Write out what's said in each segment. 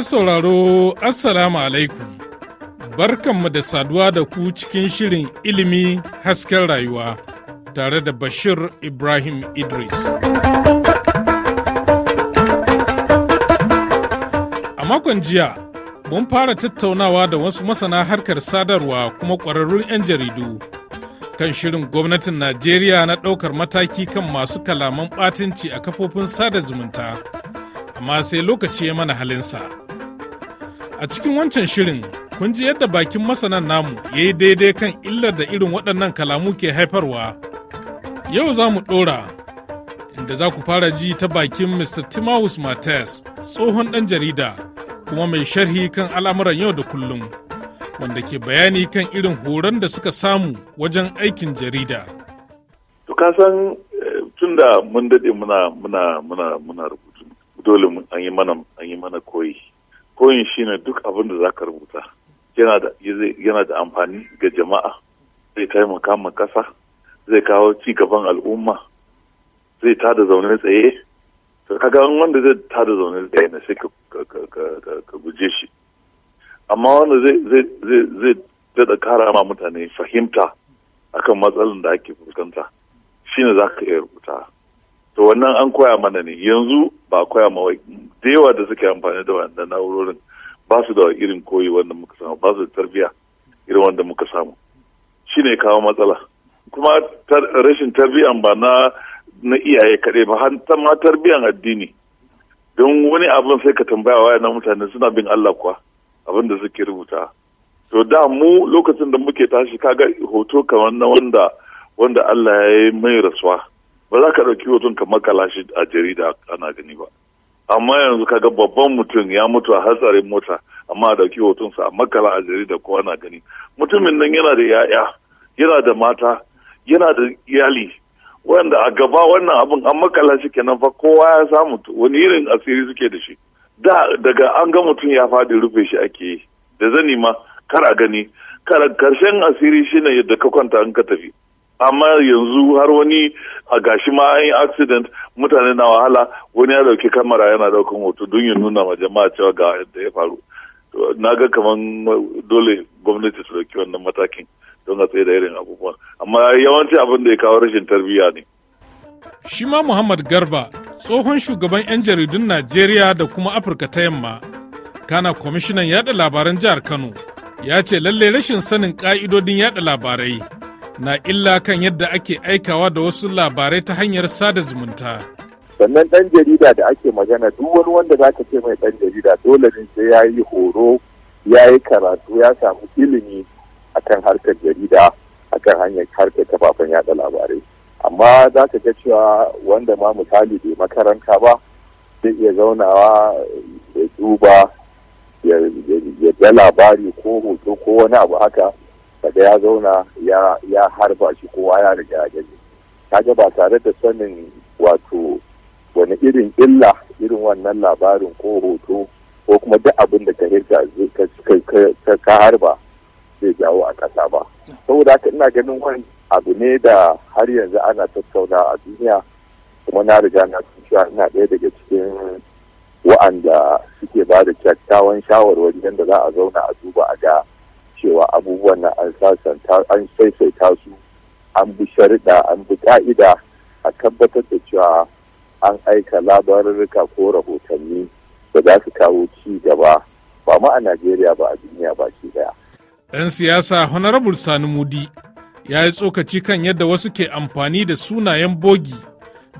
Masu sauraro Assalamu alaikum. Barkanmu da saduwa da ku cikin shirin ilimi hasken rayuwa tare da Bashir Ibrahim Idris. A makon jiya, mun fara tattaunawa da wasu masana harkar sadarwa kuma ƙwararrun 'yan jaridu kan shirin gwamnatin Najeriya na ɗaukar mataki kan masu kalaman ɓatanci a kafofin sada zumunta. amma sai lokaci ya mana halinsa. A cikin wancan shirin, kun ji yadda bakin masanan namu ya yi daidai kan illar da irin waɗannan kalamu ke haifarwa. Yau za mu ɗora, inda za ku fara ji ta bakin Mr. Timawus Mates, tsohon ɗan jarida, kuma mai sharhi kan al'amuran yau da kullum, wanda ke bayani kan irin horon da suka samu wajen aikin jarida. san eh, tun da mun daɗe muna rubutu dole an yi mana koyi koyin shi ne duk abin da za ka rubuta yana da amfani ga jama'a zai taimaka ma ƙasa zai kawo ci gaban al'umma zai tada zaune tsaye to kaga wanda zai tada zaune tsaye na sai ka guje shi amma wanda zai daɗa kara ma mutane fahimta akan matsalin da ake fuskanta shine za ka iya rubuta to wannan an koya mana ne yanzu ba koya ma da yawa da suke amfani da wannan na'urorin ba su da irin koyi wanda muka samu ba su da tarbiya irin wanda muka samu shi ne kawo matsala kuma rashin tarbiyan ba na na iyaye kaɗai ba har ta ma tarbiyan addini don wani abin sai ka tambaya wa na mutane suna bin Allah kuwa abin da suke rubuta to da mu lokacin da muke tashi kaga hoto kamar na wanda wanda Allah ya yi mai rasuwa ba za ka ɗauki hoton ka makala shi a jarida ana gani ba amma yanzu kaga babban mutum ya mutu a hatsarin mota amma a dauki hotonsa a makala a jarida kowa na gani mutumin nan yana da yaya yana da mata yana da iyali wanda a gaba wannan abin an makala shi kenan fa kowa ya samu wani irin asiri suke da shi da daga an ga mutum ya fadi rufe shi ake yi da zani ma kar a gani karshen asiri shine yadda ka kwanta in ka tafi amma yanzu har wani a gashi ma an yi accident mutane na wahala wani ya dauki kamera yana daukan hoto don ya nuna ma jama'a cewa ga yadda ya faru na ga kaman dole gwamnati su dauki wannan matakin don a tsaye da irin abubuwan amma yawanci abin da ya kawo rashin tarbiyya ne shi ma muhammad garba tsohon shugaban 'yan jaridun najeriya da kuma afirka ta yamma kana kwamishinan yada labaran jihar kano ya ce lallai rashin sanin ka'idodin yada labarai na illa kan yadda ake aikawa da wasu labarai ta hanyar sada zumunta. Sannan ɗan jarida da ake magana duk wani wanda za ka ce mai ɗan jarida dole ne sai ya yi horo, ya yi karatu, ya samu ilimi akan harkar jarida, akan hanyar harkar kafafen yada labarai. Amma za ka ga cewa wanda ma misali bai makaranta ba zai iya zaunawa ya duba ya ga labari ko hoto ko wani abu haka. da ya zauna ya harba shi kowa ya riga ya gani kaga ba tare da sanin wato wani irin illa irin wannan labarin ko hoto ko kuma duk abin da ka ka harba zai jawo a ƙasa ba saboda haka ina ganin wani abu ne da har yanzu ana tattauna a duniya kuma na riga na cewa ina ɗaya daga cikin wa'anda suke ba da kyakkyawan shawarwari yadda za a zauna a duba a ga cewa abubuwan na an sasan an saisaita su an bi shariɗa an bi ƙa'ida a tabbatar da cewa an aika labarurruka ko rahotanni da za su kawo ci gaba ba ma a najeriya ba a duniya ba shi daya. ɗan siyasa honorable sani mudi ya yi tsokaci kan yadda wasu ke amfani da sunayen bogi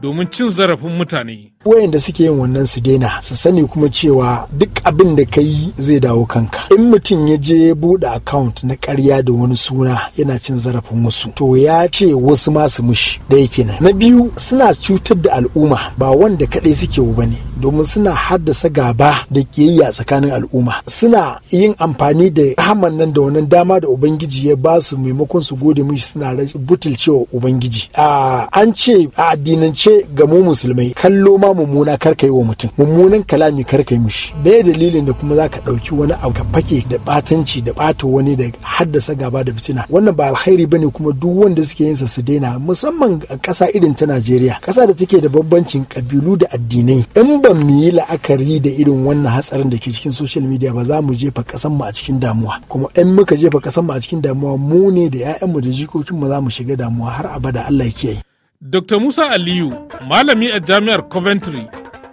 domin cin zarafin mutane. Wayanda suke yin wannan su daina su sani kuma cewa duk abin da ka yi zai dawo kanka. In mutum ya je buɗe account na ƙarya da wani suna yana cin zarafin wasu to ya ce wasu ma su mushi da yake nan. Na biyu suna cutar da al'umma ba wanda kaɗai suke ba ne. domin suna haddasa gaba da kiyayya tsakanin al'umma suna yin amfani da rahaman nan da wannan dama da ubangiji ya ba su maimakon su gode mishi suna butulcewa ubangiji a an ce a addinance ga mu musulmai kallo ma mummuna karka yi wa mutum mummunan kalami karka yi mishi bai dalilin da kuma zaka ɗauki wani abu ka fake da batanci da ɓata wani da haddasa gaba da fitina wannan ba alkhairi ne kuma duk wanda suke yin sa su daina musamman kasa irin ta Najeriya ƙasa da take da bambancin kabilu da addinai in ba ba mu yi la'akari da irin wannan hatsarin da ke cikin social media ba za mu jefa kasan mu a cikin damuwa kuma in muka jefa kasan mu a cikin damuwa mu ne da mu da jikokin mu za mu shiga damuwa har abada Allah ya kiyaye Dr. Musa Aliyu malami a jami'ar Coventry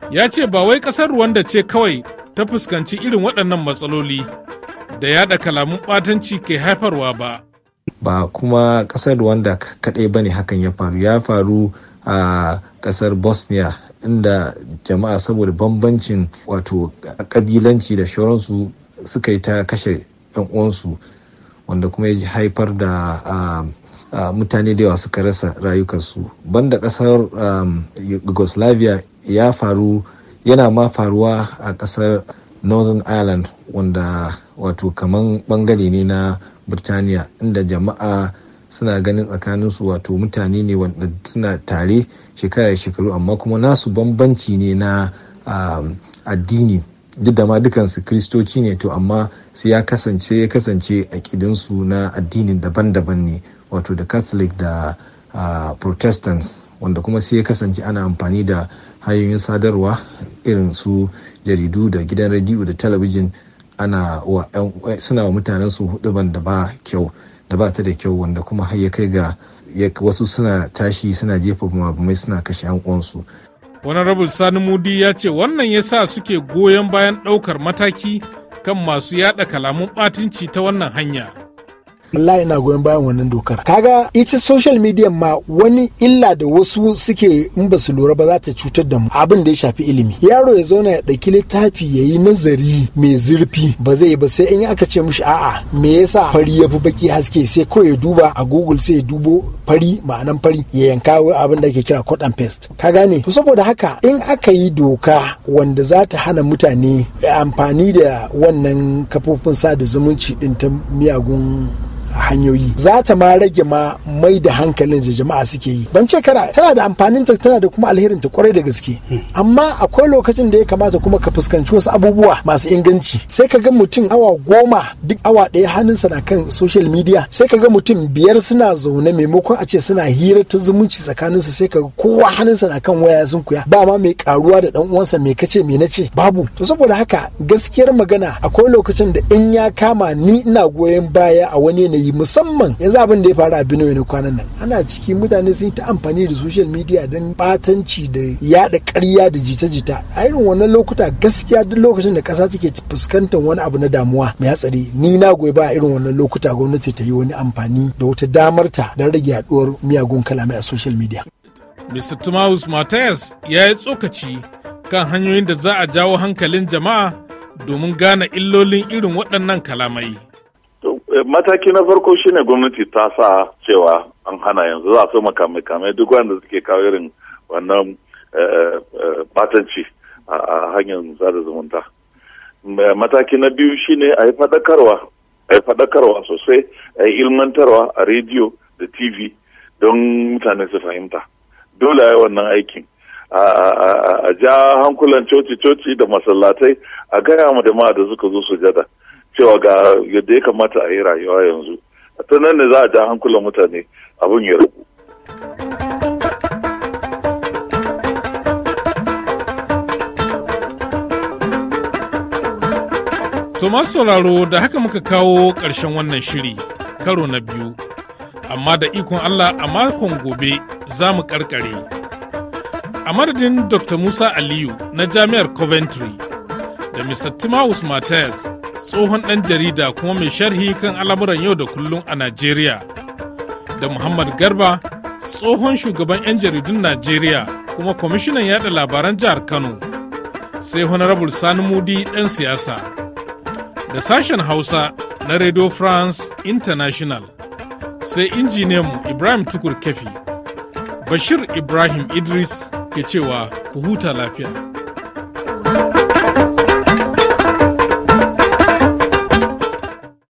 ya ce ba wai kasar Rwanda ce kawai ta fuskanci irin waɗannan matsaloli da yada kalamun batanci ke haifarwa ba ba kuma kasar Rwanda kaɗai bane hakan ya faru ya faru a kasar bosnia inda jama'a saboda bambancin wato kabilanci da shauransu suka yi ta kashe yan uwansu wanda kuma ya haifar da mutane da yawa suka rasa rayukansu banda kasar um, yugoslavia ya faru yana ma faruwa a kasar northern ireland wanda wato kaman bangare ne na birtaniya inda jama'a suna ganin tsakanin su wato mutane ne wanda suna tare shekara shekaru amma kuma nasu bambanci ne na um, addini duk da ma dukansu kristoci ne to amma sai ya kasance ya kasance su na addini daban-daban ne wato da catholic da uh, protestants wanda kuma sai ya kasance ana amfani da hanyoyin sadarwa irin su jaridu da gidan rediyo da talabijin ana suna wa mutanen su hudu da ba kyau da ba ta da kyau wanda kuma har ya kai ga wasu suna tashi suna jefa mabumai suna kashe yan wani rabin sani mudi ya ce wannan ya sa suke goyon bayan ɗaukar mataki kan masu yada kalamun ɓatinci ta wannan hanya wallahi ina goyon bayan wannan dokar kaga ita social media ma wani illa da wasu suke in ba su lura ba za ta cutar da mu abin da ya shafi ilimi yaro ya zauna ya ɗauki littafi ya yi nazari mai zurfi ba zai ba sai in aka ce mishi a'a me yasa fari ya fi baki haske sai ko ya duba a google sai ya dubo fari ma'anan fari ya yanka abin da ake kira cut and paste ka gane to saboda haka in aka yi doka wanda za ta hana mutane amfani da wannan kafofin sada zumunci din ta miyagun a hanyoyi za ta ma rage ma mai da hankalin da jama'a suke yi ban ce kara tana da amfanin ta tana da kuma alherin ta kwarai da gaske amma akwai lokacin da ya kamata kuma ka fuskanci wasu abubuwa masu inganci sai ka ga mutum awa goma duk awa daya hannunsa na kan social media sai ka ga mutum biyar suna zaune maimakon a ce suna hira ta zumunci tsakanin su sai ka ga kowa hannunsa na kan waya sun kuya ba ma mai karuwa da dan uwansa mai kace me nace babu to saboda haka gaskiyar magana akwai lokacin da in ya kama ni ina goyon baya a wani yanayi yi musamman yanzu abin da ya faru a Benue na kwanan nan ana ciki mutane sun yi ta amfani da social media don batanci da yada karya da jita-jita a irin wannan lokuta gaskiya duk lokacin da ƙasa take fuskantar wani abu na damuwa mai hatsari ni na goyi ba irin wannan lokuta gwamnati ta yi wani amfani da wata damarta don rage yaduwar miyagun kalamai a social media. Mr. Thomas Matthias ya yi tsokaci kan hanyoyin da za a jawo hankalin jama'a domin gane illolin irin waɗannan kalamai. mataki na farko shine gwamnati ta sa cewa an hana yanzu za su makamai duk wanda suke kawo irin wannan eh, eh, batanci a hanyar zada zumunta mataki na biyu shine a yi faɗakarwa a yi faɗakarwa sosai a yi ilmantarwa a rediyo da tv don mutane su fahimta dole a yi wannan aikin a ja hankulan coci-coci da masallatai a gaya mu da ma da suka zo sujada cewa ga yadda ya kamata a yi rayuwa yanzu a nan ne za a ja hankulan mutane abin ya ragu thomas sauraro da haka muka kawo ƙarshen wannan shiri karo na biyu, amma da ikon Allah a makon gobe za mu ƙarƙare. A madadin Dr. Musa Aliyu na Jami'ar Coventry da Mr. timawus Matthias tsohon ɗan jarida kuma mai sharhi kan al'amuran yau da kullum a Najeriya, da Muhammad Garba, tsohon shugaban 'yan jaridun Najeriya kuma kwamishinan yaɗa labaran jihar Kano, sai Honorable Sani Mudi ɗan siyasa, da sashen Hausa na Radio France International, sai injiniyanmu Ibrahim Tukur Kefi, Bashir Ibrahim Idris ke cewa ku huta lafiya.